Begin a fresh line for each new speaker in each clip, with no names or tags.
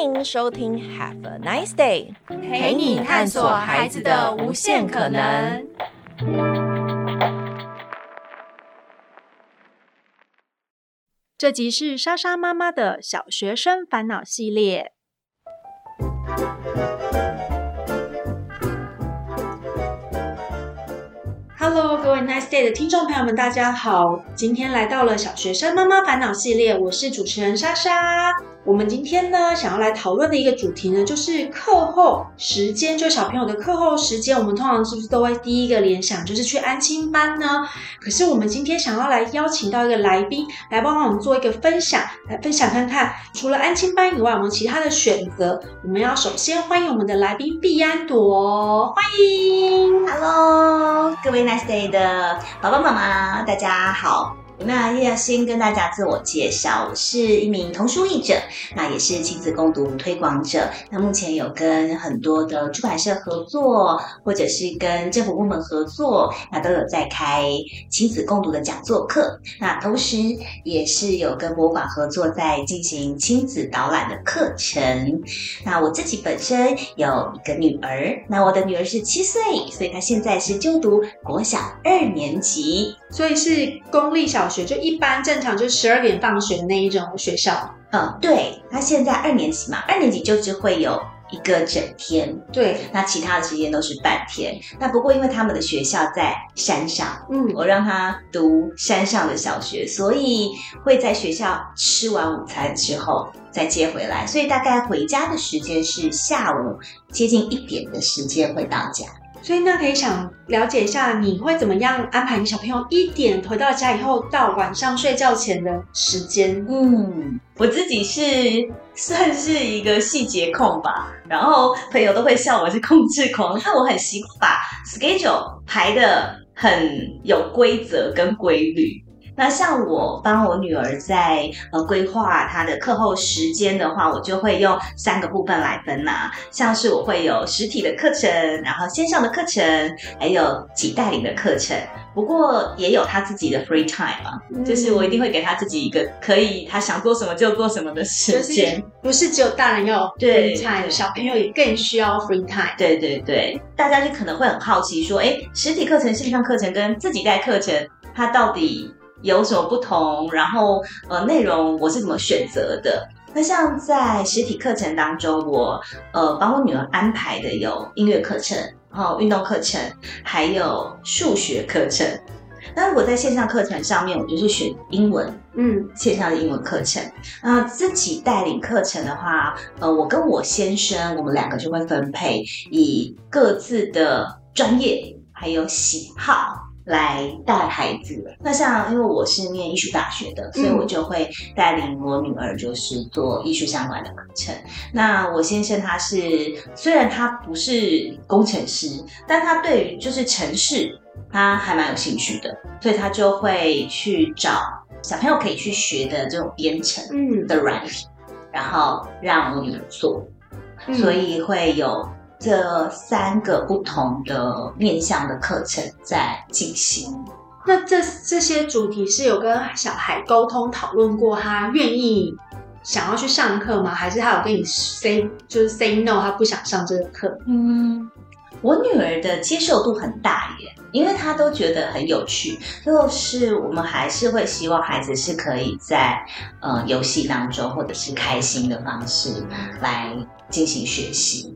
歡迎收聽《Have a Nice Day》，陪你探索孩子的無限可能。這集是莎莎媽媽的小學生煩惱系列。Hello，各位 Nice Day 的聽眾朋友們，大家好！今天來到了小學生媽媽煩惱系列，我是主持人莎莎。我們今天呢，想要來討論的一個主題呢，就是課後時間，就小朋友的課後時間，我們通常是不是都會第一個聯想就是去安親班呢？可是我們今天想要來邀請到一個來賓，來幫我們做一個分享，來分享看看，除了安親班以外，我們其他的選擇。我們要首先歡迎我們的來賓碧安朵，歡迎，Hello，各位
Nice Day 的寶寶媽媽，大家好。那先跟大家自我介紹，我是一名童書譯者，那也是親子共讀推廣者。那目前有跟很多的出版社合作，或者是跟政府部門合作，那都有在開親子共讀的講座課。那同時也是有跟博物館合作，在進行親子導覽的課程。那我自己本身
有一個女兒，那我的女兒是七歲，所以她現在是就讀國小二年級。所以是公立小學，就一般正常，就是十二點放學的那一種學校。嗯，對，他現在二年級嘛，二年級就是會有一個
整天。對，那其他的時間都是半天。那不過因為他們的學校在山上，嗯，我讓他讀山上的小學，所以會在學校吃完午餐之後再接回來，所以大概回家的時間是下
午接近一點的時間回到家。所以那可以想了解一下，你會怎麼樣安排你小朋友一點回到家以後到晚上睡覺前的時間？嗯，我自己是算是一個細節控吧，然
後朋友都會笑我是控制狂，那我很習慣把 schedule 排的很有規則跟規律。那像我幫我女兒在呃規劃她的課後時間的話，我就會用三個部分來分啦。像是我會有實體的課程，然後線上的課程，還有自己帶領的課程。不過也有她自己的 free time 啊，嗯、就是我一定會給她自己一個可以她想做什麼就做什麼的時間。就
是不是只有大人要 free time，對小朋友也
更需要 free time。對對對，大家就可能會很好奇說，哎、欸，實體課程、線上課程跟自己帶課程，它到底？有什麼不同？然後呃，內容我是怎麼選擇的？那像在實體課程當中，我呃，幫我女兒安排的有音樂課程，然後運動課程，還有數學課程。那如果在線上課程上面，我就是選英文，嗯，線上的英文課程。那自己帶領課程的話，呃，我跟我先生，我們兩個就會分配以各自的專業還有喜好。來帶孩子，那像因為我是念藝術大學的，嗯、所以我就會帶領我女兒，就是做藝術相關的課程。那我先生他是雖然他不是工程師，但他對於就是程式，他還蠻有興趣的，所以他就會去找小朋友可以去學的這種編程的軟件，嗯、然後讓我女兒做，
嗯、所以
會有。這三個不同的面向的課程在
進行。那這這些主題是有跟小孩溝通討論過他，他願意想要去上課嗎？還是他有跟你 say 就是 say no，他不想上這個課？嗯，我女兒的接受度很大耶，
因為她都覺得很有趣。就是我們還是會希望孩子是可以在呃遊戲當中或者是開心的方式來進行學習。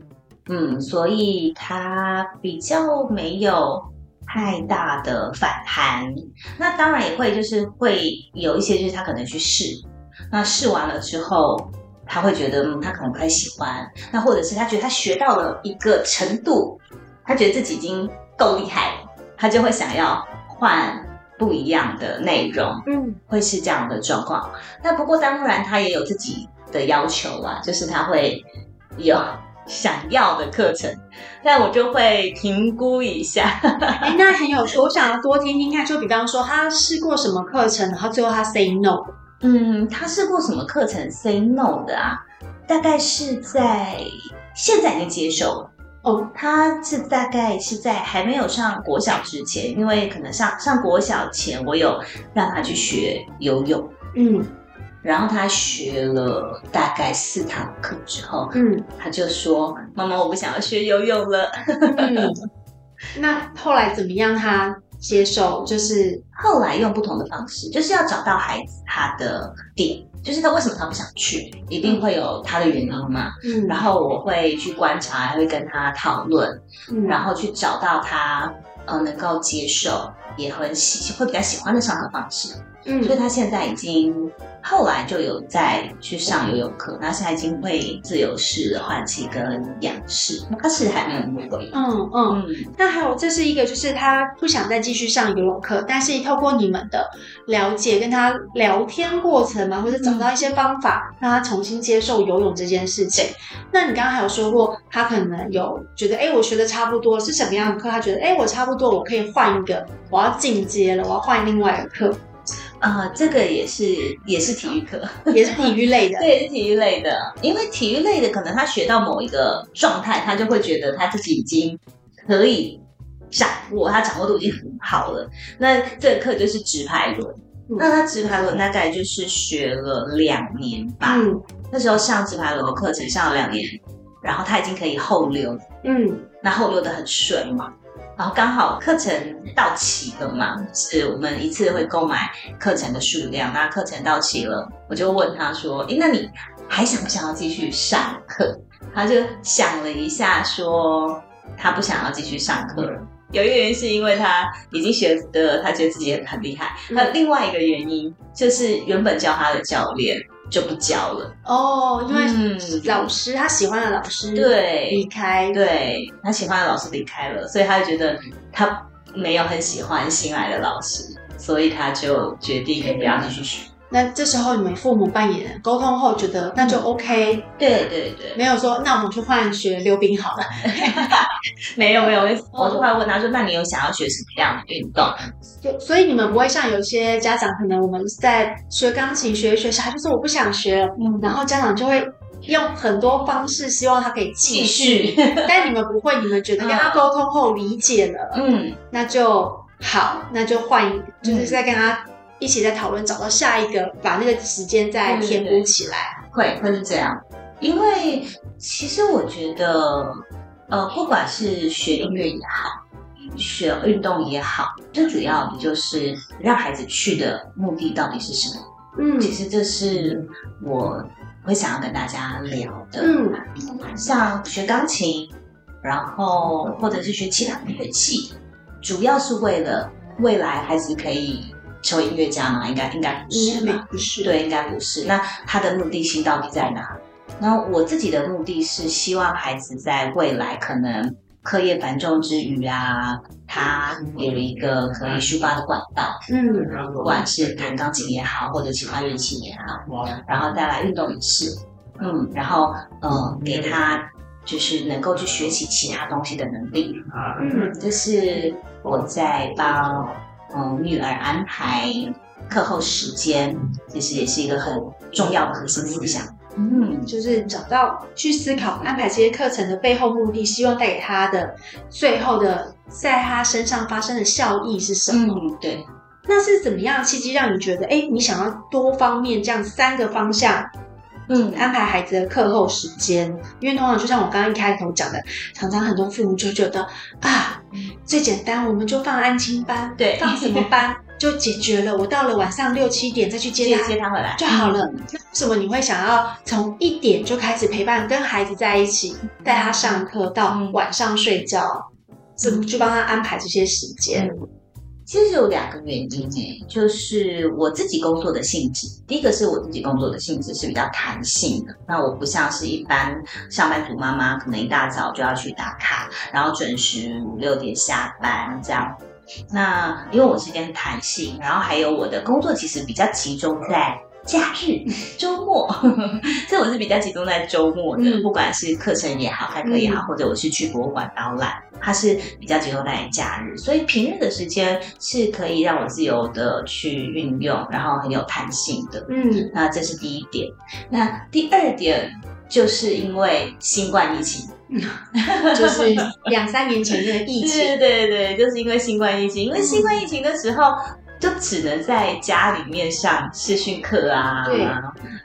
嗯，所以他比較沒有太大的反彈，那當然也會就是會有一些，就是他可能去試，那試完了之後，他會覺得，嗯，他可能不太喜歡，那或者是他覺得他學到了一個程度，他覺得自己已經夠厲害了，他就會想要換不一樣的內容，嗯，會是這樣的狀況。那不過當然他也有自己的要求啊，就是他會有。想
要的課程，但我就會評估一下。 那很有趣，我想要多聽聽看。就比方說，他試過什麼課程，然後最後他 say no。嗯，他試過什麼課程 say no 的啊？大概是在現在已
經接受了哦。他是大概是在還沒有上國小之前，因為可能上上國小前，我有讓他去學游泳。嗯。然後他學了大概四堂課之後，嗯，他就說：“媽媽，我不想要學游泳了。 嗯”那後來怎麼樣？他接受就是後來用不同的方式，就是要找到孩子他的點，就是他為什麼他不想去，嗯、一定會有他的原因嘛。嗯，然後我會去觀察，還會跟他討論，嗯、然後去找到他、呃、能夠接受，也很喜會比較喜歡的上課方式。嗯，所以他現在已經後來就有再去上游泳課，那、嗯、現在已經會自由式換氣跟仰
式，他是還沒有那麼會。嗯嗯，那還有，這是一個就是他不想再繼續上游泳課，但是透過你們的了解跟他聊天過程嘛，或者找到一些方法，讓他重新接受游泳這件事情。嗯、那你剛剛還有說過，他可能有覺得，哎、欸，我學的差不多。是什麼樣的課？他覺得，哎、欸，我差不多，我可以換一個，我要進階了，我要換另外一個課。啊、呃，這個也是也是體育課，
也是體育類的， 對，是體育類的。因為體育類的，可能他學到某一個狀態，他就會覺得他自己已經可以掌握，他掌握度已經很好了。那這個課就是直排輪，嗯、那他直排輪大概就是學了兩年吧。嗯、那時候上直排輪課程上了兩年，然後他已經可以後溜，嗯，那後溜得很順嘛。然後剛好課程到期了嘛，是我們一次會購買課程的數量。那課程到期了，我就問他說：“誒，那你還想不想要繼續上課？”他就想了一下說，說他不想要繼續上課了。嗯、有一個原因是因為他已經學的，他覺得自己很厲害。那、嗯、另外一個原因就是原本教他的教練，就不教
了哦，因為老師、嗯、他喜歡的老師對離
開，對，對他喜歡的老師離開了，所以他就覺得他沒有很喜歡新來的老師，所以他就決定不要繼續學。嗯嗯
那這時候你們父母扮演，溝通後覺得那就 OK，對對對，沒有說那我們去換學溜冰好了。
沒有沒有，我就會問他說：“那你有想要學什麼樣的運動？”
所以你們不會像有些家長，可能我們在學鋼琴學一學，啥就是我不想學，然後家長就會用很多方式希望他可以繼續，但你們不會，你們覺得跟他溝通後理解了，嗯，那就好，那就換一，就是在跟他。一起在討論，找到下一個，把那個時間再填補起來，
會會是這樣。因為其實我覺得，呃，不管是學音樂也好，嗯、學運動也好，最主要的就是讓孩子去的目的到底是什麼？嗯，其實這是我會想要跟大家聊的。嗯，像學鋼琴，然後或者是學其他樂器，主要是為了未來孩子可以。成為音樂家嘛，應該應該不是吧？不是對，應該不是。那他的目的性到底在哪？那我自己的目的是希望孩子在未來可能課業繁重之餘啊，他有一個可以抒發的管道，嗯，不管是彈鋼琴也好，嗯、或者其他樂器也好，哇然後帶來運動也是。嗯，然後、呃、嗯，給他就是能夠去學習其他東西的能力啊，嗯，這、嗯、是我在幫。嗯，女兒安排課後時間，其實也是一個很重要的核心思想。
嗯，就是找到去思考安排這些課程的背後目的，希望帶給他的最後的在他身上發生的效益是什麼？嗯，對。那是怎麼樣契機讓你覺得，哎，你想要多方面這樣三個方向？嗯，嗯，安排孩子的課後時間，因為通常就像我剛剛一開頭講的，常常很多父母就覺得啊，最簡單，我們就放安親班，對，放什麼班對就解決了。我到了晚上六七點再去接他，接他回來就好了。為、嗯、什麼你會想要從一點就開始陪伴，跟孩子在一起，帶、嗯、他上課到晚上睡覺，嗯、怎麼去幫他安排這些時間？嗯
其實有兩個原因誒，就是我自己工作的性質。第一個是我自己工作的性質是比較彈性的，那我不像是一般上班族媽媽，可能一大早就要去打卡，然後準時五六點下班這樣。那因為我是跟彈性，然後還有我的工作其實比較集中在。假日週末，這 我是比較集中在週末的，嗯、不管是課程也好，還可以好，嗯、或者我是去博物館導覽，它是比較集中在假日，所以平日的時間是可以讓我自由的去運用，然後很有彈性的。嗯，那這是第一點。那第二點就是因為新冠疫情，嗯、就是兩三年前的疫情， 對對對，就是因為新冠疫情，嗯、因為新冠疫情的時候。就只能在家裡面上視訊課啊，對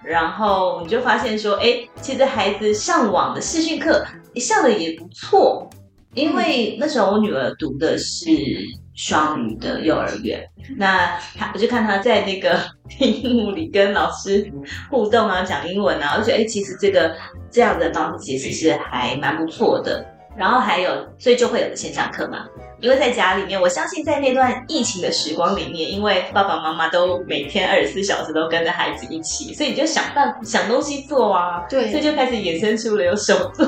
然後你就發現說，哎，其實孩子上網的視訊課上得也不錯，因為那時候我女兒讀的是雙語的幼兒園，嗯、那她我就看她在那個屏幕裡跟老師互動啊，講英文啊，我覺得哎，其實這個這樣的方式其實是還蠻不錯的。然後還有，所以就會有的線上課嘛。因為在家裡面，我相信在那段疫情的時光裡面，因為爸爸媽媽都每天二十四小時都跟着孩子一起，所以你就想辦法想東西做啊。對，所以就開始衍生出了有手
作。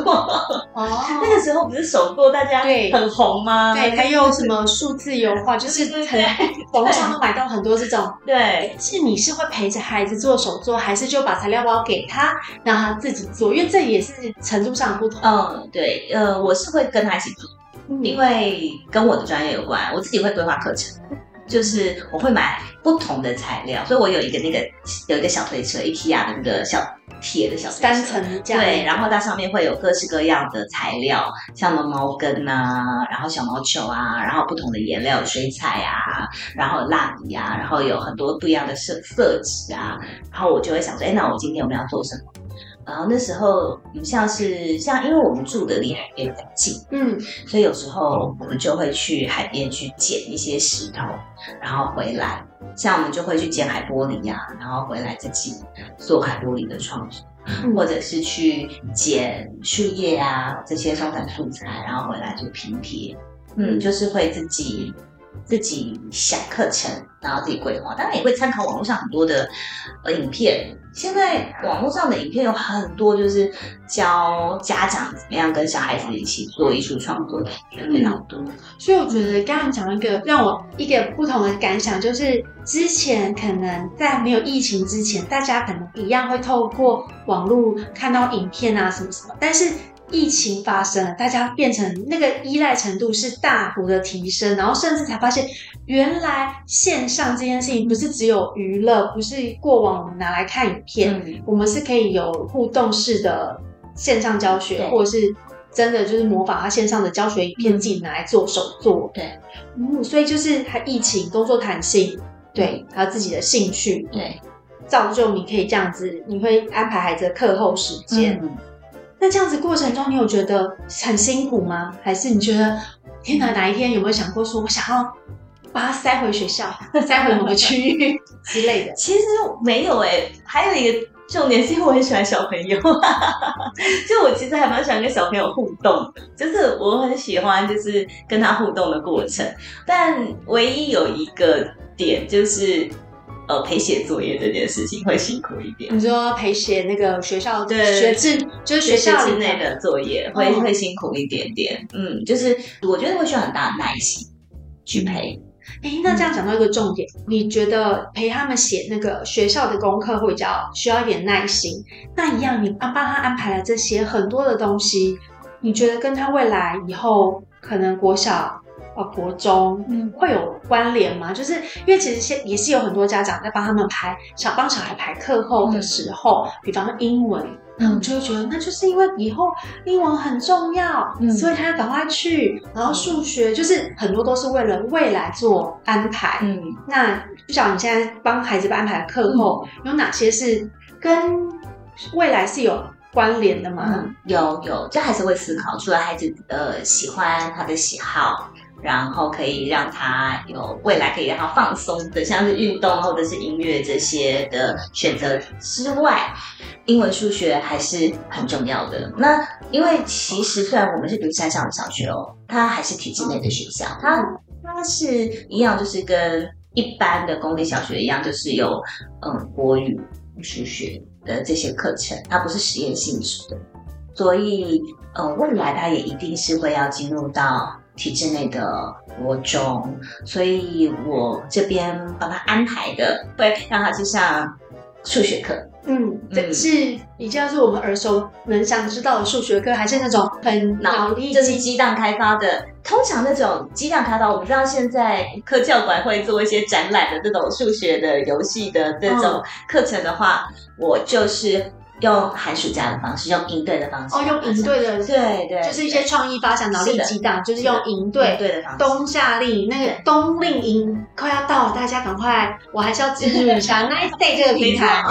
哦，那個時候不是手作大家很紅嗎？對，對，還有什麼數字油畫，對就是對從網上都買到很多這種。對，對，是你是會陪着孩子做手作，還是就把材料包給他，讓他自己做？因為這也是程度上的不同的。嗯，
對，呃，我是會跟他一起做。因為跟我的專業有關，我自己會規劃課程，就是我會買不同的材料，所以我有一個那個有一個小推車，IKEA 的那個小鐵的小推車三層架，對，然後它上面會有各式各樣的材料，像什麼毛根啊，然後小毛球啊，然後不同的顏料、水彩啊，然後蠟筆啊，然後有很多不一樣的色色紙啊，然後我就會想說，哎，那我今天我們要做什麼？然後那時候，我像是像，因為我們住的離海邊比較近，嗯，所以有時候我們就會去海邊去撿一些石頭，然後回來。像我們就會去撿海玻璃呀，啊，然後回來自己做海玻璃的創作，或者是去撿樹葉啊這些鬆散素材，然後回來做拼貼。嗯，就是會自己。自己想課程，然後自己規劃，當然也會參考網絡上很多的呃影片。現在網絡上的影片有很多，就是教家長怎麼樣跟小孩子一起做藝術創作的，非常多，嗯。
所以我覺得剛剛講一個讓我一個不同的感想，就是之前可能在沒有疫情之前，大家可能一樣會透過網絡看到影片啊什麼什麼，但是。疫情發生了，大家變成那個依賴程度是大幅的提升，然後甚至才發現，原來線上這件事情不是只有娛樂，不是過往我們拿來看影片，嗯、我們是可以有互動式的線上教學，對或者是真的就是模仿他線上的教學影片，自己拿來做手作。對、嗯，所以就是他疫情工作彈性，對他、嗯、自己的興趣，對，造就你可以這樣子，你會安排孩子的課後時間。嗯那這樣子過程中，你有覺得很辛苦嗎？還是你覺得天哪，哪一天有沒有想過說，我想要把它塞回學校，塞回某個區域之類的？其實沒有哎、欸，還有一個
重點，是因為我很喜歡小朋友， 就我其實還蠻喜歡跟小朋友互動的，就是我很喜歡就是跟他互動的過程。但唯一有一個點就是。呃，陪寫作業這件事情會辛苦一點。你說
陪寫那個學校的學對學制，就是學校之內的
作業會，會、嗯、會
辛苦一點點。嗯，就是我覺得會需要很大的耐心去陪。哎、嗯欸，那這樣講到一個重點，嗯、你覺得陪他們寫那個學校的功課會比較需要一點耐心？那一樣，你幫幫他安排了這些很多的東西，你覺得跟他未來以後可能國小？國中會有關聯嗎？就是因為其實也也是有很多家長在幫他們排，想幫小孩排課後的時候，嗯、比方說英文，嗯，就會覺得那就是因為以後英文很重要，嗯，所以他要趕快去。然後數學、嗯、就是很多都是為了未來做安排。嗯，那不曉得你現在幫孩子安排課後、嗯、有哪些是跟未來是有關聯的嗎？有有，就還是會思考，除了
孩子的喜歡，他的喜好。然後可以讓他有未來，可以讓他放鬆的，像是運動或者是音樂這些的選擇之外，英文、數學還是很重要的。那因為其實雖然我們是讀山上的小學哦，它還是體制內的學校，它它、嗯、是一樣，就是跟一般的公立小學一樣，就是有嗯國語、數學的這些課程，它不是實驗性質的，所以嗯未來它也一定是會要進入到體制內的國中，所以我這邊幫他安排的，會讓他去上數學課。嗯，
這就、嗯、是比較是我們耳熟能詳知道的數學課，還是那種很
腦力，就是激盪開發的。通常那種激盪開發，我不知道現在科教館會做一些展覽的這種數學的遊戲的這種課程的話，哦、我就是。用寒暑假的方式，用營隊的方式哦，
用營隊的對對，就是一些創意發想腦力激盪，就是用營隊的方式冬夏令營，那個冬令營快要到了，大家趕快！我還是要支持一下 Nice Day 這個平台，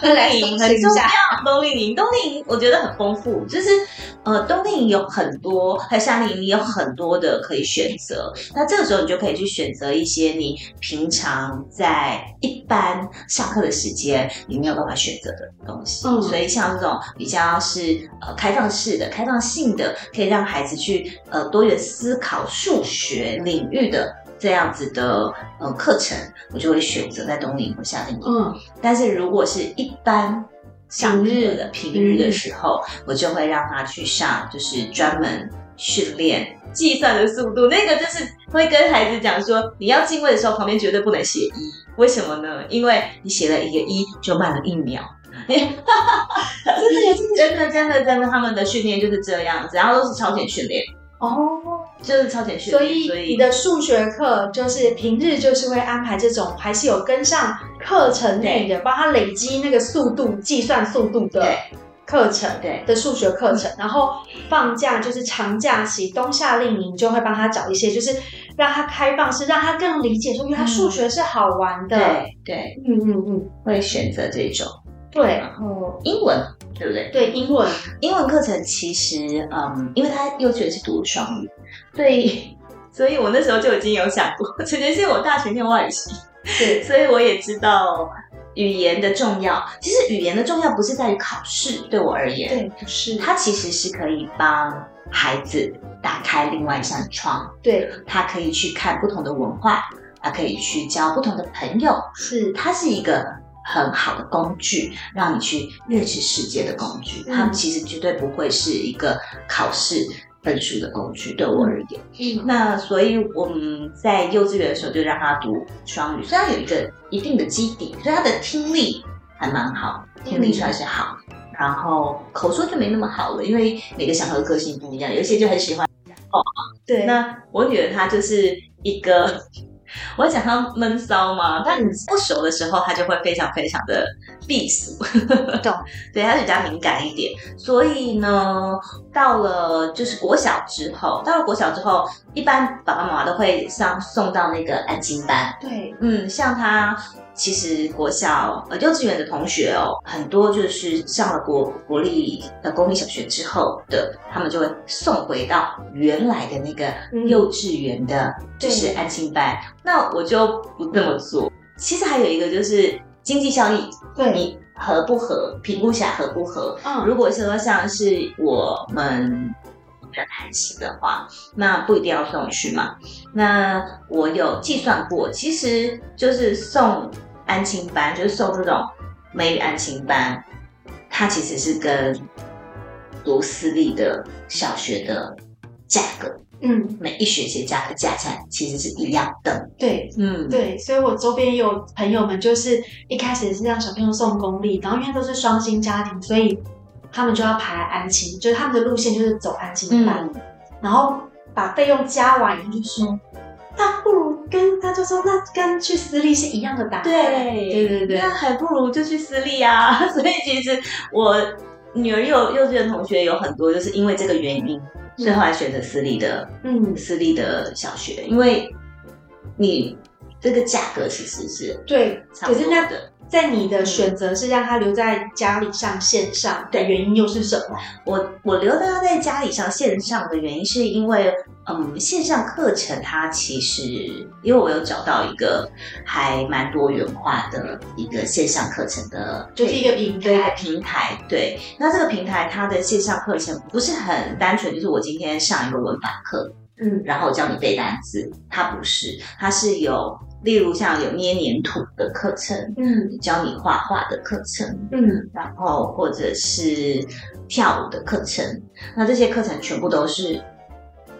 冬令營
很重要。冬令營，冬令營，我覺得很豐富。就是呃，冬令營有很多，夏令營也有很多的可以選擇。那這個時候，你就可以去選擇一些你平常在一般上課的時間你沒有辦法選擇的東西。所以像這種比較是呃開放式的、開放性的，可以讓孩子去呃多元思考數學領域的這樣子的呃課程，我就會選擇在冬令或夏令營。嗯，但是如果是一般像日的平日的時候，我就會讓他去上，就是專門訓練計算的速度。那個就是會跟孩子講說，你要進位的時候，旁邊絕對不能寫一，為什麼呢？因為你寫了一個一，就慢了一秒。 真的真的真的真的，他們的訓練就是這樣子，然後都是超前訓練哦，就
是超前訓練。所以，你的數學課就是平日就是會安排這種，還是有跟上課程內的，對幫他累積那個速度計算速度的課程，對，對的數學課程。嗯、然後放假就是長假期冬夏令營，就會幫他找一些，就是讓他開放式，是讓他更理解說，因為他數學是好玩的。嗯、對，對，嗯
嗯嗯，會選擇這種。對，然後英文，對不對？對，英文，英文課程其實，嗯，因為他幼稚園是讀雙語，所以對，所以我那時候就已經有想過，直接是我大學念外語系，對，所以我也知道語言的重要。其實語言的重要不是在於考試，對我而言，對，不是，它其實是可以幫孩子打開另外一扇窗，對，他可以去看不同的文化，他可以去交不同的朋友，是，它是一個。很好的工具，讓你去認知世界的工具。他們、嗯、其實絕對不會是一個考試分數的工具，嗯、對我而言。嗯，那所以我們在幼稚園的時候就讓他讀雙語，雖然有一個一定的基底，所以他的聽力還蠻好，聽力算是好。啊、然後口說就沒那麼好了，因為每個小孩的個性不一樣，有些就很喜歡哦。對，那我女兒她就是一個。我講他悶騷嘛，但你不熟的時候，他就會非常非常的避暑。對， 對，他就比較敏感一點。所以呢，到了就是國小之後，到了國小之後，一般爸爸媽媽都會送送到那個安親班。對，嗯，像他。其實國小，呃幼稚園的同學哦，很多就是上了國國立的公立小學之後的，他們就會送回到原來的那個幼稚園的，就是安親班。嗯、那我就不這麼做。其實還有一個就是經濟效益，對、嗯、你合不合評估下合不合？嗯，如果說像是我們的彈性的話，那不一定要送你去嘛。那我有計算過，其實就是送。安親班就是送這種美語安親班，它其實是跟讀私立的小學的價格，嗯，每一學期加的價錢其實是一樣的。
對，嗯，對，所以我周邊有朋友們，就是一開始是讓小朋友送公立，然後因為都是雙薪家庭，所以他們就要排安親，就是他們的路線就是走安親班，嗯、然後把費用加完，以後就說。他不如跟他就說，那跟去私立是一樣的答案。對對對對，那還不如就去私立啊！所以其
實我女兒幼幼稚園同學有很多，就是因為這個原因，嗯、最後還選擇私立的，嗯，私立的小學，因為你。這個價格其
實是對，可是那個，在你的選擇是讓他留在家裡上線上，對，原因又是什麼？我我留他在家裡上線上的
原因是因為，嗯，線上課程它其實，因為我有找到一個還蠻多元化的一個線上課程的，就是一個平台個平台對。那這個平台它的線上課程不是很單純，就是我今天上一個文法課，嗯，然後我教你背單字，它不是，它是有。例如像有捏粘土的課程，嗯，教你畫畫的課程，嗯，然後或者是跳舞的課程，那這些課程全部都是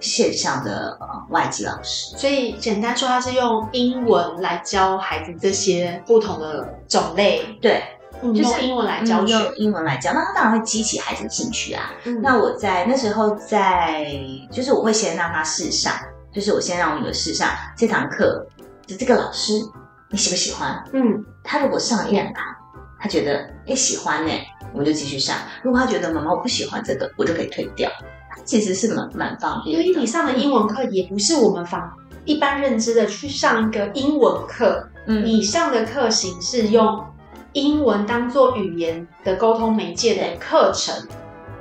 線上的外籍老師。
所以簡單說，他是用英文來教孩子這些不同的
種類。
對，嗯、就是英文來教，就英文來教，
用英文來教，那他當然會激起孩子的興趣啊。嗯、那我在那時候在，就是我會先讓他試上，就是我先讓我女兒試上這堂課。就這個老師，你喜不喜歡？嗯，他如果上一兩堂，嗯、他覺得誒喜歡呢、欸，
我們就繼續上；如果他覺得媽媽我不喜歡這個，我就可以退掉。其實是蠻蠻方便的。因為你上的英文課也不是我們方、嗯、一般認知的去上一個英文課，嗯，你上的課型是用英文當做語言的溝通媒介的課程，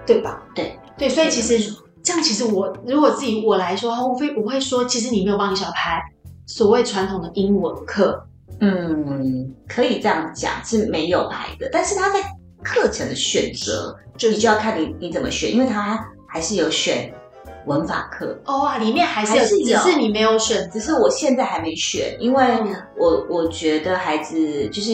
對吧？對對，所以其實、嗯、這樣，其實我如果自己我來說，我會我會說，其實你沒有幫你小孩。所謂傳統的英文課，嗯，可以這樣講是沒有排的，但是他在
課程的選擇，就是、你就要看你你怎麼選，因為他還是有選文法課。哦啊，裡面還是有，是有，只是你沒有選，只是我現在還沒選，因為我、嗯、我，我覺得孩子就是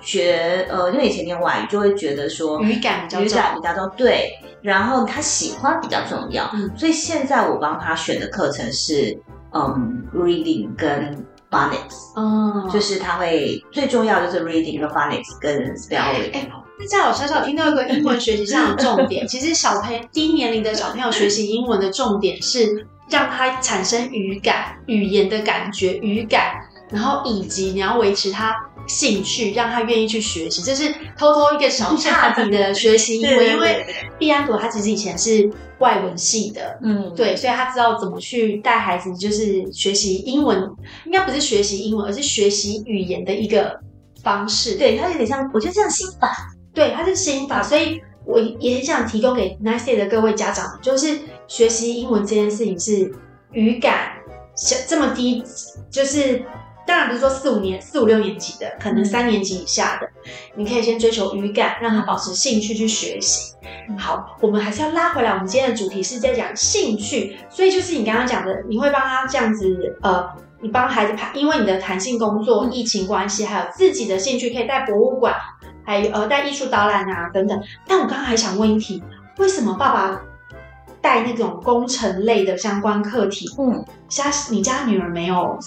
學呃，因為以前念外語就會覺得說語感比較重，語感比較都對，然後他喜歡比較重要，嗯、所以現在我幫他選的課程是。嗯、um,，reading 跟 phonics，哦，oh. 就是他會最重要就是 reading 跟 phonics 跟 spelling。哎、欸欸
欸，那在我小小有聽到一個英文學習上的重點， 其實小朋友低年齡的小朋友學習英文的重點是讓他產生語感，語言的感覺語感，然後以及你要維持他。興趣，讓他願意去學習，就是偷偷一個小差底的學習。因為 對對對對，因為碧安朵他其實以前是外文系的，嗯，對，所以他知道怎麼去帶孩子，就是學習英文，應該不是學習英文，而是學習語言的一個方式。對，他有點像，我覺得像心法。對，他是心法，嗯、所以我也很想提供給 Niceday 的各位家長，就是學習英文這件事情是語感像這麼低，就是。當然不是說四五年，四五六年級的，可能三年級以下的，你可以先追求語感，讓他保持興趣去學習。嗯、好，我們還是要拉回來。我們今天的主題是在講興趣，所以就是你剛剛講的，你會幫他這樣子，呃，你幫孩子排，因為你的彈性工作、嗯、疫情關係，還有自己的興趣，可以帶博物館，還有呃帶藝術導覽啊等等。但我剛剛還想問一題，為什麼爸爸帶那種工程類的相關課題？嗯，像你家女兒沒有？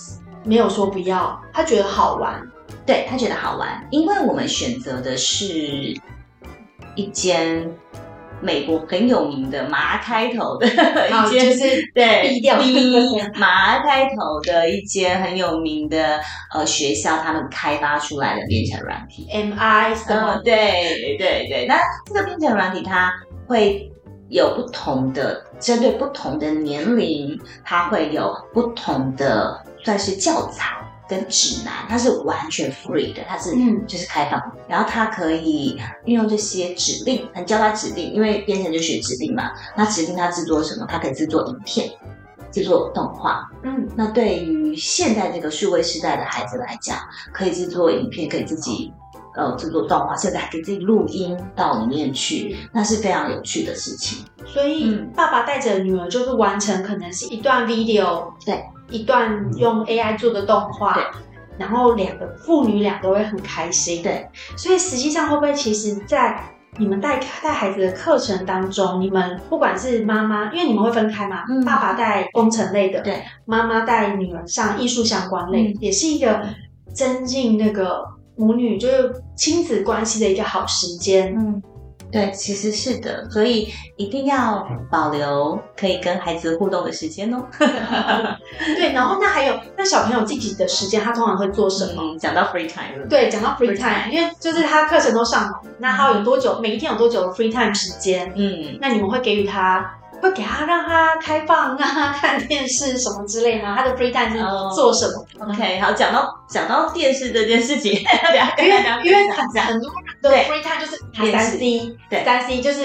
沒有說不要，他覺得好玩，對，他覺得好玩，因為我們選擇的是
一間美國很有名的麻開頭的一間、哦，就是對低調低麻開頭的一間很有名的呃學校，他們開發出來的編程軟體
，M I 什麼、哦、
對對對，對，那這個編程軟體它會。有不同的針對不同的年齡，它會有不同的算是教材跟指南，它是完全 free 的，它是、嗯、就是開放。然後它可以運用這些指令，你教它指令，因為編程就學指令嘛。那指令它製作什麼？它可以製作影片，製作動畫。嗯，那對於現在這個數位時代的孩子來講，可以製作影片，可以自己。呃，製作動畫，現在還給自己錄音
到裡面去，那是非常有趣的事情。所以，嗯、爸爸帶着女兒就是完成，可能是一段 video，對，一段用 AI 做的動畫，嗯、然後兩個父女倆都會很開心。對，所以實際上會不會其實在你們帶帶孩子的課程當中，你們不管是媽媽，因為你們會分開嘛，嗯、爸爸帶工程類的，對，媽媽帶女兒上藝術相關類，嗯、也是一個增進那個。母女就是親子關係的一個好時間，
嗯，對，其實是的，所以一定要保留可以跟孩子互動的時間哦。 對，然後那還有那小朋友自己的時間，他通常會做什麼？嗯、講到 free time，
對，講到 free time，, free time。因為就是他課程都上了，那他有多久？嗯、每一天有多久的 free time 時間？嗯，那你們會給予他？會給他讓他開放，讓他看電視什麼之類的，他的 free time 是做什麼、oh,？OK，、嗯、好，講到講到電視這件事情， 因為因為很多人的 free time 對就是三 C，對三 C 就是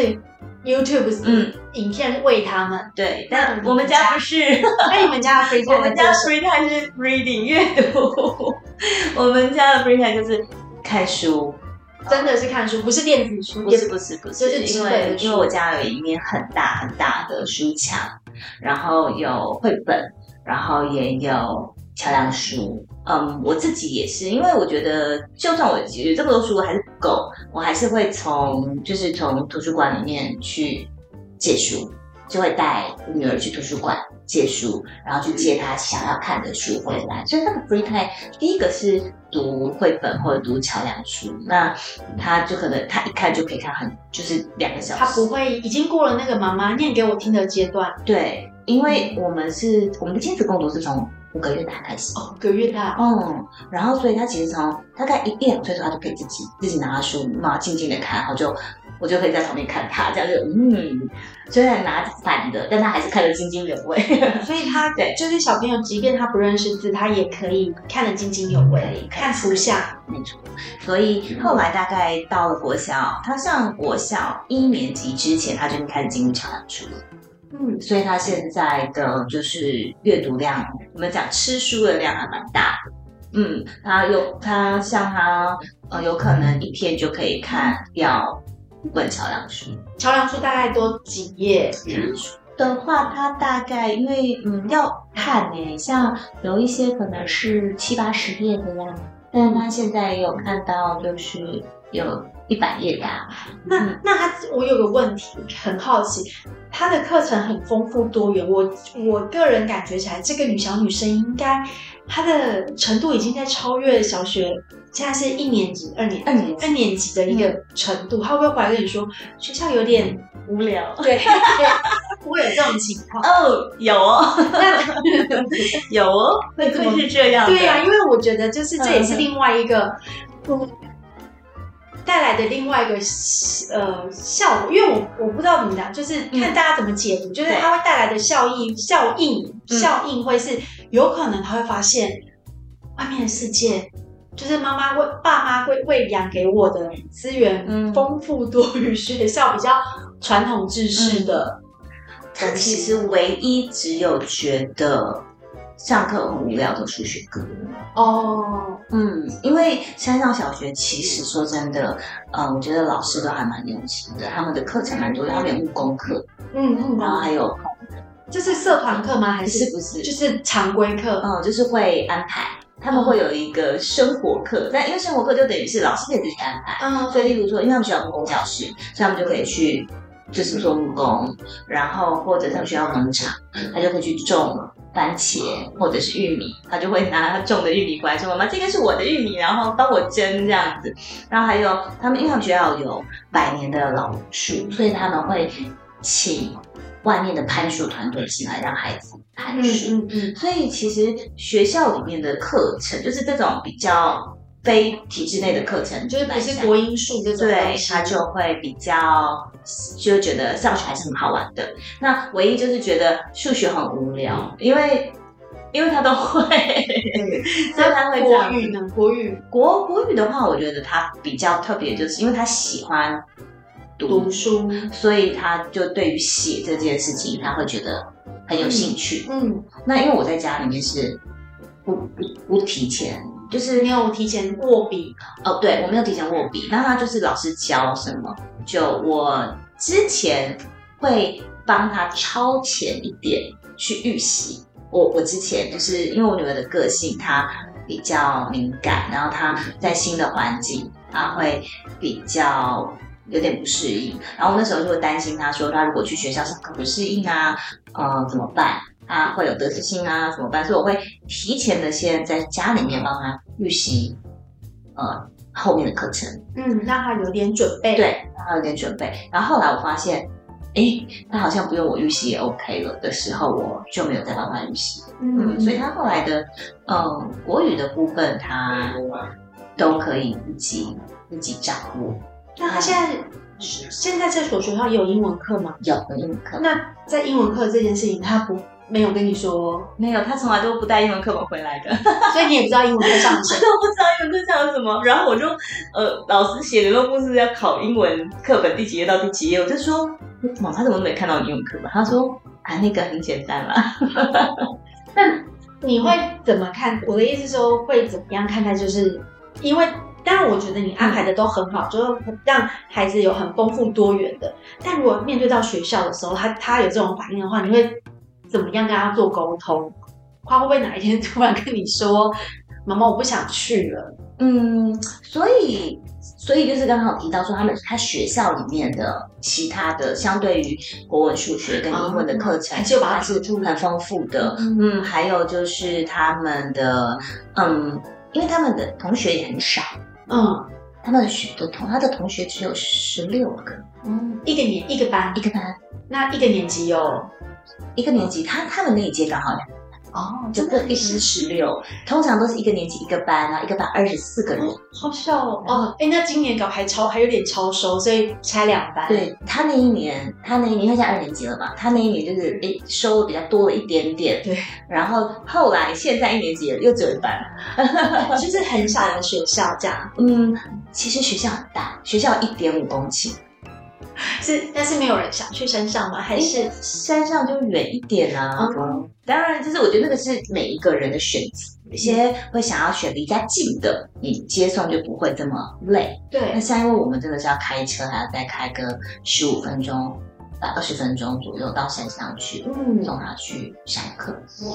YouTube，嗯，影片餵他們、嗯，對，但我們家,我們家不是，那你們家 free time，我們家 free time, free time 是 reading 閱讀， 我們家的 free time 就是看書。真的是看書，不是電
子書，電子書不是不是不是，就是因為因為我家有一面很大很大的書牆，然後有繪本，然後也有橋梁書。嗯，我自己也是，因為我覺得就算我有這麼多書還是不夠，我還是會從就是從圖書館裡面去借書，就會帶女兒去圖書館。借書，然後去借他想要看的書回來，嗯、所以他的 free time 第一個是讀繪本或者讀橋樑書，那他就可能他一看就
可以看很就是兩個小時。他不會已經過了那個媽媽念給我聽的階段。對，
因為我們是、嗯、我們的親子共讀是從五個月大開始。哦，五個月大。嗯，然後所以他其實從大概一兩歲的時候，他就可以自己自己拿書嘛，靜靜的看，然後就。我就可以在旁邊看他，這樣就嗯，雖然拿反的，但他還是看得津津有味。 所以他對就是小朋友，即便他不認識字，他也可以看得津津
有味，
看圖像沒錯。所以、嗯、後來大概到了國小，他上國小一年級之前，他就看進入橋梁書了。嗯，所以他現在的就是閱讀量，嗯、我們講吃書的量還蠻大的。嗯，他有他像他呃，有可能一天就可以看掉，
一本橋梁書，橋梁書大概多幾頁？嗯，
的話，他大概因為嗯要看誒，像有一些可能是七八十頁的樣子。但是他現在也有看到，就是有。
一百頁吧。那那他，我有個問題，很好奇，他的課程很豐富多元。我我個人感覺起來，這個女小女生應該她的程度已經在超越小學，現在是一年級、二年、二二年級的一個程度。她會不會懷疑你說學校有點無聊？對，會有這種情況哦，有哦，有哦，會會是這樣？對啊，因為我覺得就是這也是另外一個不。帶來的另外一個呃效果，因為我我不知道怎麼講，就是看大家怎麼解讀，嗯、就是它會帶來的效益對效應、嗯、效應會是有可能他會發現外面的世界，就是媽媽餵爸媽會餵養給我的資源豐、嗯、富多於學校比較傳統知識的。我其實唯一只有
覺得，上
課很無聊
的數學課
哦，嗯，oh.
因為山上小學其實說真的，嗯，我覺得老師都還蠻用心的，他們的課程蠻多，mm hmm. 他們有木工課，
嗯、mm，hmm. 然後還
有就是社團課嗎？還是，是不是？就是常規課，嗯，就是會安排，他們會有一個生活課，oh. 但因為生活課就等於是老師可以自己安排，嗯，oh. 所以例如說，因為他們學校有木工教室，所以他們就可以去就是做木工，mm hmm. 然後或者他們學校農場，他就可以去種。番茄或者是玉米，他就會拿他種的玉米過來，說媽媽，這個是我的玉米，然後幫我蒸這樣子。然後還有他們，因為學校有百年的老樹，所以他們會請外面的攀樹團隊進來，讓孩子攀樹。嗯嗯。所以其實學校裡面的課程就是這種比較。非體制內的課程，嗯，就是哪些國英數，對他就會比較，就覺得上學還是很好玩的。那唯一就是覺得數學很無聊，嗯、因為因為他都會，嗯、 所以他會講。國語呢？國語國國語的話，我覺得他比較特別，就是因為他喜歡讀讀書，所以他就對於寫這件事情，他會覺得很有興趣。嗯，嗯，那因為我在家裡面是不不不提前。就是你有沒有提前握筆哦，對，我沒有提前握筆。那他就是老師教什麼，就我之前會幫他超前一點去預習。我我之前就是因為我女兒的個性，她比較敏感，然後她在新的環境，她會比較有點不適應。然後我那時候就會擔心，她說她如果去學校上課不適應啊，呃，怎麼辦？啊，會有得失心啊，怎麼辦？所以我會提前的先在家裡面幫他預習，呃，後面的課程。嗯，
讓他有點準備。對，
讓他有點準備。然後後來我發現，誒、欸，他好像不用我預習也 OK 了的時候，我就沒有再幫他預習。嗯，哼嗯，所以他後來的，嗯、呃，國語的部分他都可以自己自己掌握。
那他現在是現在這所學校有英文課嗎？有的英文課、嗯。那在英文課這件事情，他不。沒有，我跟你說，
沒有，他從來
都不帶英文課本回來的， 所以你也知道英文課上什
麼，都 不知道英文課上什麼。然後我就，呃，老師寫的任務是要考英文課本第幾頁到第幾頁，我就說，哇，他怎麼沒看到英文課本？他說，啊，那個很簡
單啦。 那你會怎麼看？我的意思是說會怎麼樣看待？就是因為，當然，我覺得你安排的都很好，嗯、就是讓孩子有很豐富多元的。但如果面對到學校的時候，他他有這種反應的話，你會？怎麼樣跟他做溝通？他會不會哪一天突然跟你說：“媽媽，我不想去了。”嗯，所以，所以就是剛剛我提到說，他們他學
校裡面的其他的，相對於國文、數學跟英文的課程，就把它很豐富的。嗯，還有就是他們的，嗯，因
為他們的同學也很少。嗯，他們的學同他的同學只有十六個。嗯，一個年一個班一個班，一個班那一個年級有。一個年級，
哦、他他們那一屆剛好兩班哦，真的就各一十十六，通常都是一個年級一個班，然後一個班二十四個人、
哦，好笑哦、嗯、哦，哎，那今年搞還超，還有點超收，所以差兩班。對，他那一年，他那一年現在二年級了嘛，嗯、他那一年就是哎收了比
較多了一點點，對，然後後來現在一年級又只有一班， 就是很小的學校這樣。嗯，其實學校很大，學校一點五公頃。是，但是沒有人想去山上嗎？還是、欸、山上就遠一點啊？嗯、當然，就是我覺得那個是每一個人的選擇。有、嗯、些會想要選離家近的，你接送就不會這麼累。對。那像因為我們真的是要開車、啊，還要再開個十五分鐘到二十分鐘左右到山上去，嗯、送他去上
課，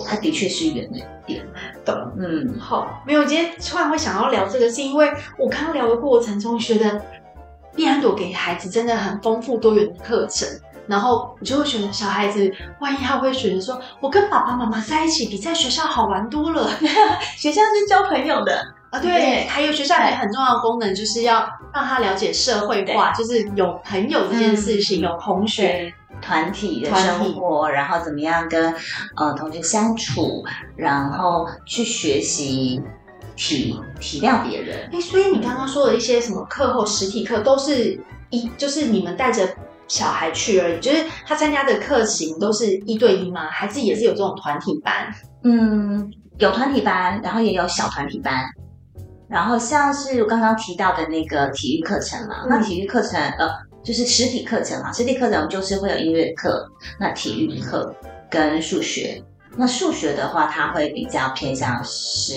他、嗯、的確是遠一點的。懂嗯，好。沒有，今天突然會想要聊這個，是因為我剛剛聊的過程中覺得。碧安朵給孩子真的很豐富多元的課程，然後你就會覺得小孩子，萬一他會覺得說，我跟爸爸媽媽在一起比在學校好玩多了。學校是交朋友的
啊，對，還
對有學校有很重要的功能對就是要讓他了解社會化，對就是有朋友這件事情，嗯、有同學團體的生活，體然後怎麼樣跟
呃同學相處，然後去學習。體
體諒別人，哎、欸，所以你剛剛說的一些什麼課後實體課都是一，就是你們帶着小孩去而已，就是他參加的課型都是一對一嗎？孩子也是有這種團體班？嗯，有團體班，然後也有小團體班，
然後像是剛剛提到的那個體育課程嘛，嗯、那體育課程呃，就是實體課程嘛，實體課程就是會有音樂課，那體育課跟數學，那數學的話，他會比較偏向是。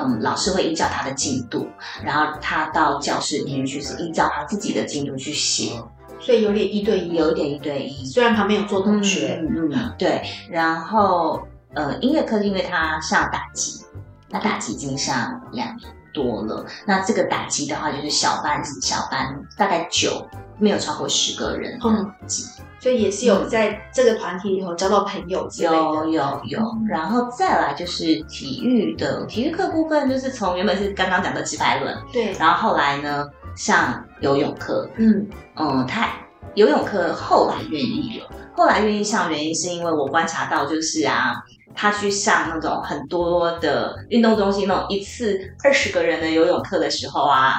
嗯，老師會依照他的進度，然後他到教室裡面去，是依照他自己的進度去寫，所以有點一對一，有一點一對一,一對，雖然他沒有做同學、嗯嗯，對，然後呃，音樂課是因為他上打擊，他打擊已經上兩年。多了，那這個打擊的話，就是小班，小班大概九，沒有超過十個人，幾嗯，所以也是有在這個團體以後交到朋友之類的有有有，有有嗯、然後再來就是體育的體育課部分，就是從原本是剛剛講的幾百人對，然後後來呢，上游泳課，嗯嗯，太、嗯呃、游泳課後來願意了，後來願意上原因是因為我觀察到就是啊。他去上那種很多的運動中心那種一次二十個人的游泳課的時候啊，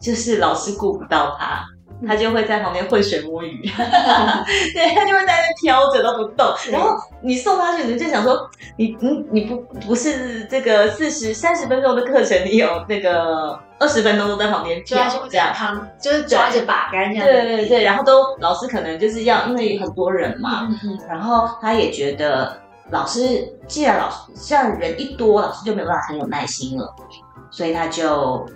就是老師顧不到他，他就會在旁邊混水摸魚。嗯、 對，他就會在那飄着都不動。嗯、然後你送他去，你就想說，你你你不不是這個四十三十分鐘的課程，你有那個二十分鐘都在旁邊抓著這樣，就是抓着把桿這樣。對，對對對，然後都老師可能就是要因為很多人嘛，嗯、哼然後他也覺得。老師，既然老師像人一多，老師就沒有辦法很有耐心了，所以他就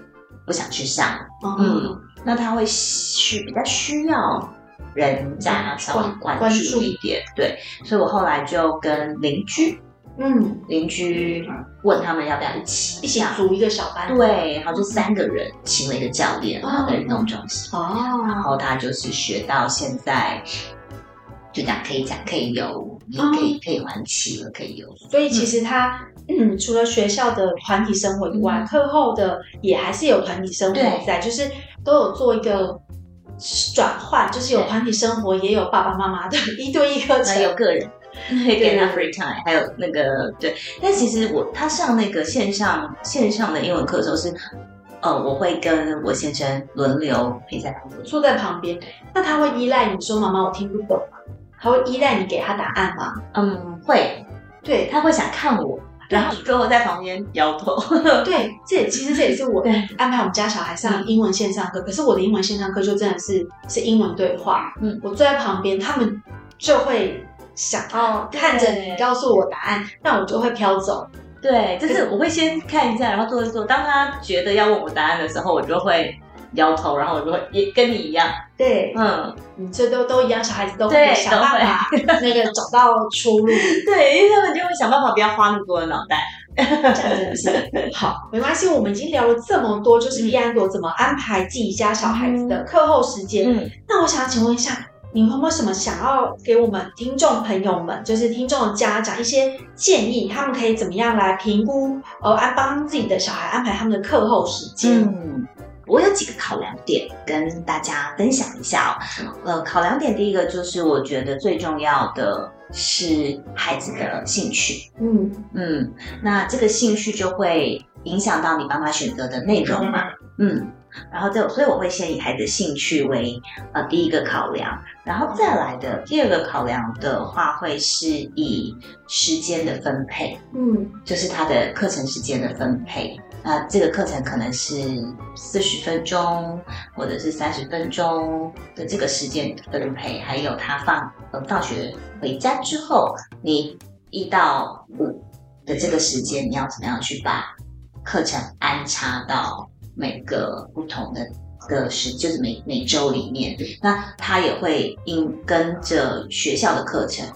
不想去上。哦、嗯，那他會需，比較需要人家、嗯、稍微關注一點。對，所以我後來就跟鄰居，嗯，鄰居問他們要不要一起、嗯、一起組一個小班，對，然後就三個人請了一個教練，然後在運動中
心，哦，然後
他就是學到現在，就這樣可以講可以有。你可以可以玩
起了，可以有。所以其實他除了學校的團體生活以外，課後的也還是有團體生活在，就是都有做一個轉換，就是有團體生活，也有爸爸媽媽的一對一課程，有個人
跟他 free time，還有那個，對。但其實我他上那個線上線上的英文課時候是，我會跟我先生輪流陪在旁邊，
坐在旁邊。那他會依賴你說，媽媽，我聽不懂。他會依賴你給他答案嗎？嗯，會。對，他會想看我，嗯、然後跟我在旁邊搖頭。對， 這也其實這也是我對安排我們家小孩上英文線上課，嗯、可是我的英文線上課就真的是是英文對話。嗯，我坐在旁邊，他們就會想看着你告訴我答案，但、哦、我就會飄走。
對，就對是我會先看一下，然後坐一坐。當他覺得要問我答案的時候，我就會。搖頭，然後我就會也跟你一樣，
對，嗯，你這都都一樣，小孩子都會想辦法 那個找到出路，
對，因為他們就會想辦法不要花那麼多的腦袋， 這，這是好，
沒關係，我們已經聊了這麼多，就是碧安朵怎麼安排自己家小孩子的課後時間。嗯，那我想請問一下，你有沒有什麼想要給我們聽眾朋友們，就是聽眾的家長一些建議，他們可以怎麼樣來評估，呃，安幫自己的小孩安排他們的課後時間？嗯。我有幾個考量點跟大家分享一下
哦。呃，考量點第一個就是我覺得最重要的是孩子的興趣。
嗯
嗯，那這個興趣就會影響到你幫他選擇的內容嘛？嗯，
嗯，
然後就，所以我會先以孩子興趣為呃第一個考量，然後再來的第二個考量的話會是以時間的分配。
嗯，
就是他的課程時間的分配。那這個課程可能是四十分鐘，或者是三十分鐘的這個時間分配，還有他放，呃，放學回家之後，你一到五的這個時間，你要怎麼樣去把課程安插到每個不同的的時，就是每每周裡面？那他也會應跟着學校的課程。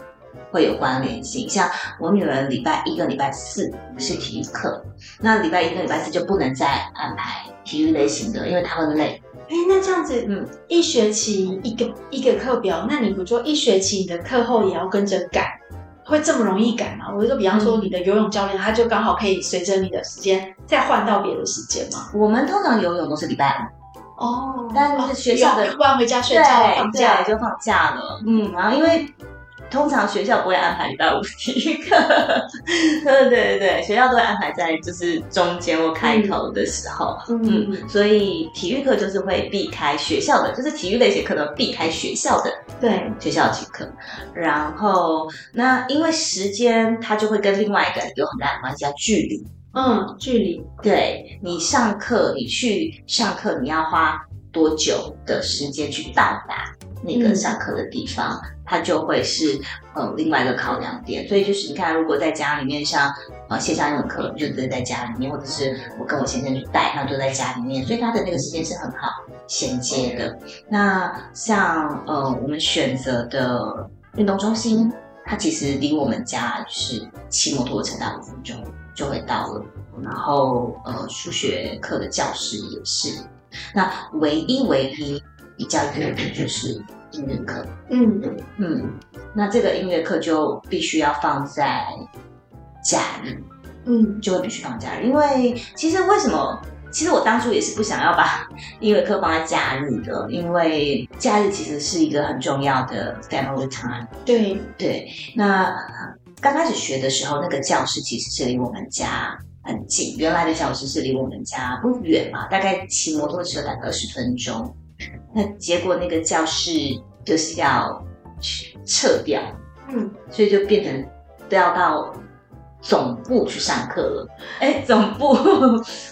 會有關聯性，像我女兒禮拜一跟禮拜四是體育課，那禮拜一跟禮拜四就不能
再安排體育類型的，因為她會累。哎，那這樣子，嗯，一學期一個一個課表，那你不做一學期你的課後也要跟着改，會這麼容易改嗎？我就比方說你的游泳教練，嗯、他就剛好可以隨着你的時間再換到別的時間嘛。我們通常游泳都是禮拜五哦，
但是學校的
不然回家睡覺，放假、
哦、就放假了。嗯，嗯然後因為。通常學校不會安排禮拜五體育課，對對對，學校都會安排在就是中間或開頭的時候，嗯、嗯，所以體育課就是會避開學校的，就是體育類型課都避開學校的，
對，學校
體育課。嗯，然後那因為時間它就會跟另外一個有很大的關係，叫距離，嗯，距離，對你上課，你去上課，你要花多久的時間去到達那個上課的地方？嗯它就會是呃另外一個考量點，所以就是你看，如果在家裡面，像呃線上英文課，就直接在家裡面，或者是我跟我先生去帶，那都在家裡面，所以他的那個時間是很好銜接的。Okay. 那像呃我們選擇的運動中心，它其實離我們家是騎摩托車大概五分鐘就會到了，然後呃數學課的教室也是。那唯一唯一比較遠的就是。音樂課，嗯嗯，那這個音樂課就必須要放在假日，嗯，就會必須放假日，因為其實為什麼？其實我當初也是不想要把音樂課放在假日的，因為假日其實是一個很重要的 family time 對。對對，那剛開始學的時候，那個教室其實是離我們家很近，原來的教室是離我們家不遠嘛，大概騎摩托車大概二十分鐘。那結果那個教室就是要去撤掉，嗯，所以就變成都要到總部去上課了。哎、欸，總部，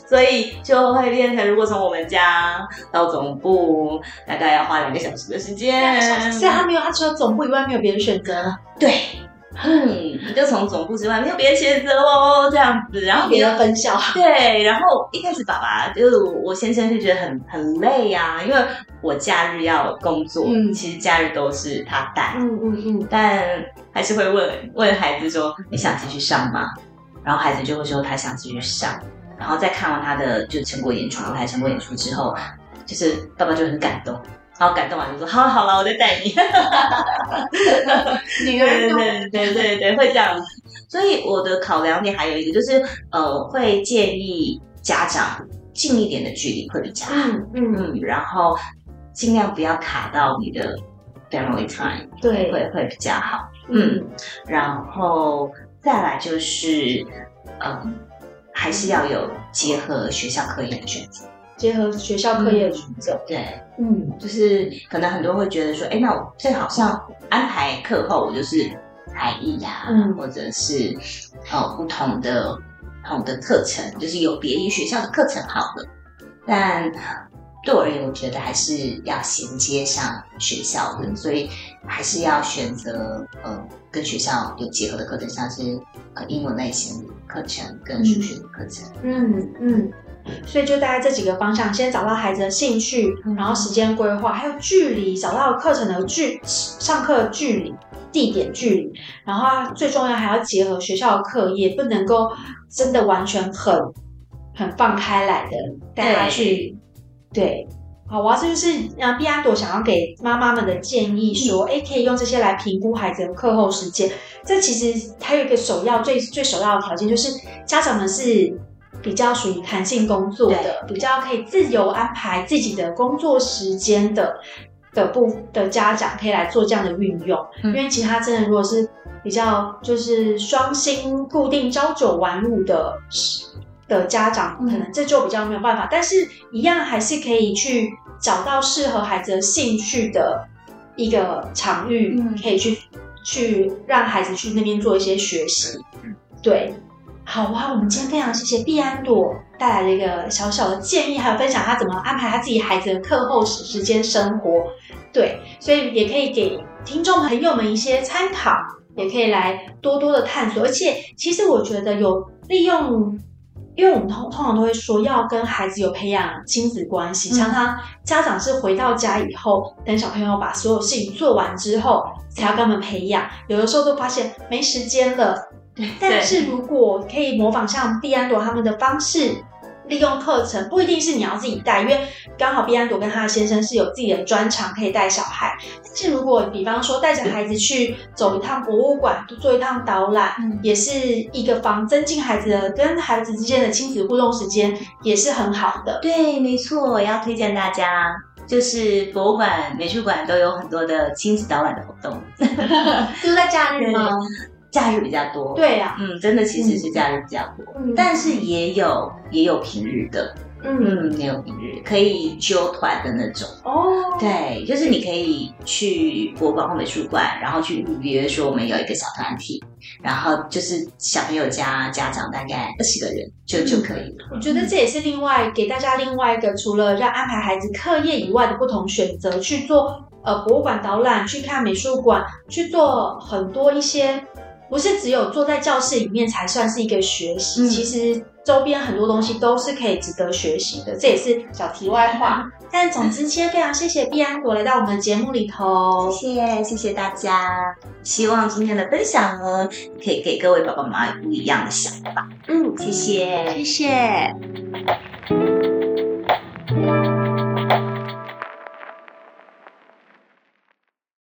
所以就會變成如果從我們家到總部大概要花兩個小時的
時間。是啊、嗯，他沒有，他除了總部以外沒有別的選擇了。對。嗯，嗯，你就從總部之外沒有別的選擇哦，這樣子，然後別的分校。對，然後
一開始爸爸就是我先生就覺得很很累呀、啊，因為我假日要工作，嗯，其實假日都是他帶，嗯，嗯嗯
嗯，
但還是會問問孩子說，你想繼續上嗎？然後孩子就會說他想繼續上，然後再看完他的就成果演出舞台成果演出之後，就是爸爸就很感動。好感動啊！就說好，好了，我再帶你。哈哈哈哈哈！對對對對，對會這樣子。所以我的考量點還有一個就是，呃，會建議家長近一點的距離會比較好。嗯嗯，然後盡量不要卡到你的 family time，對，對會會比較好。
嗯，
然後再來就是，呃，還是要有結合學校課業的選擇。結合學校課業的選擇、嗯，對，嗯，就是可能很多人會覺得說，哎、欸，那我最好像安排課後，我就是才藝呀，嗯、或者是、呃、不同的不同的課程，就是有別於學校的課程好了。但對我而言，我覺得還是要銜接上學校的，所以還是要選擇呃跟學校有結合的課程，像是呃英文類型的課程跟數學
的課程。嗯嗯。嗯嗯所以就大概這幾個方向，先找到孩子的興趣，然後時間規劃，還有距離，找到課程的距上課距離、地點距離，然後最重要還要結合學校的課，也不能夠真的完全很很放開來的帶他去。對，對，好，哇，這就是讓碧安朵想要給媽媽們的建議，說，誒、嗯欸、可以用這些來評估孩子的課後時間。這其實還有一個首要、最最首要的條件，就是家長們是。比較屬於彈性工作的，對比較可以自由安排自己的工作時間的的部的家長可以來做這樣的運用，嗯、因為其他真的如果是比較就是雙薪固定朝九晚五的的家長，可能這就比較沒有辦法，嗯、但是一樣還是可以去找到適合孩子的興趣的一個場域，嗯、可以去去讓孩子去那邊做一些學習，嗯、對。好哇，我們今天非常謝謝碧安朵帶來了一個小小的建議，還有分享她怎麼安排她自己孩子的課後時時間生活。對，所以也可以給聽眾朋友們一些參考，也可以來多多的探索。而且，其實我覺得有利用，因為我們通通常都會說要跟孩子有培養親子關係，像他、嗯、家長是回到家以後，等小朋友把所有事情做完之後，才要跟他們培養。有的時候都發現沒時間了。但是，如果可以模仿像碧安朵他們的方式，對利用課程，不一定是你要自己帶，因為剛好碧安朵跟他的先生是有自己的專長可以帶小孩。但是如果比方說帶着孩子去走一趟博物館，做一趟導覽，嗯、也是一個防增進孩子的跟孩子之間的親子互動時間，也是很好的。對，沒錯，要推薦大家，就是博物館、美術館都
有很多的親子導覽的活動，都 在假日嗎？假日比較多，對呀，啊，嗯，真的其實是假日比較多，嗯，但是也有也有平日的，嗯，嗯，也有平日可以揪團的那種哦，對，就是你可以去博物館或美術館，然後去預約說我們有一個小團體，然後就是小朋友家家長
大概二十個人就就可以了。我覺得這也是另外給大家另外一個，除了讓安排孩子課業以外的不同選擇，去做呃博物館導覽，去看美術館，去做很多一些。不是只有坐在教室裡面才算是一個學習，嗯、其實周邊很多東西都是可以值得學習的，這也是小題外話。嗯、但總之，今天非常謝謝碧安朵來到我們的節目
裡頭，謝謝謝謝大家。希望今天的分享呢，可以給各位爸爸媽媽不一樣的想法。嗯，謝謝謝謝。謝謝。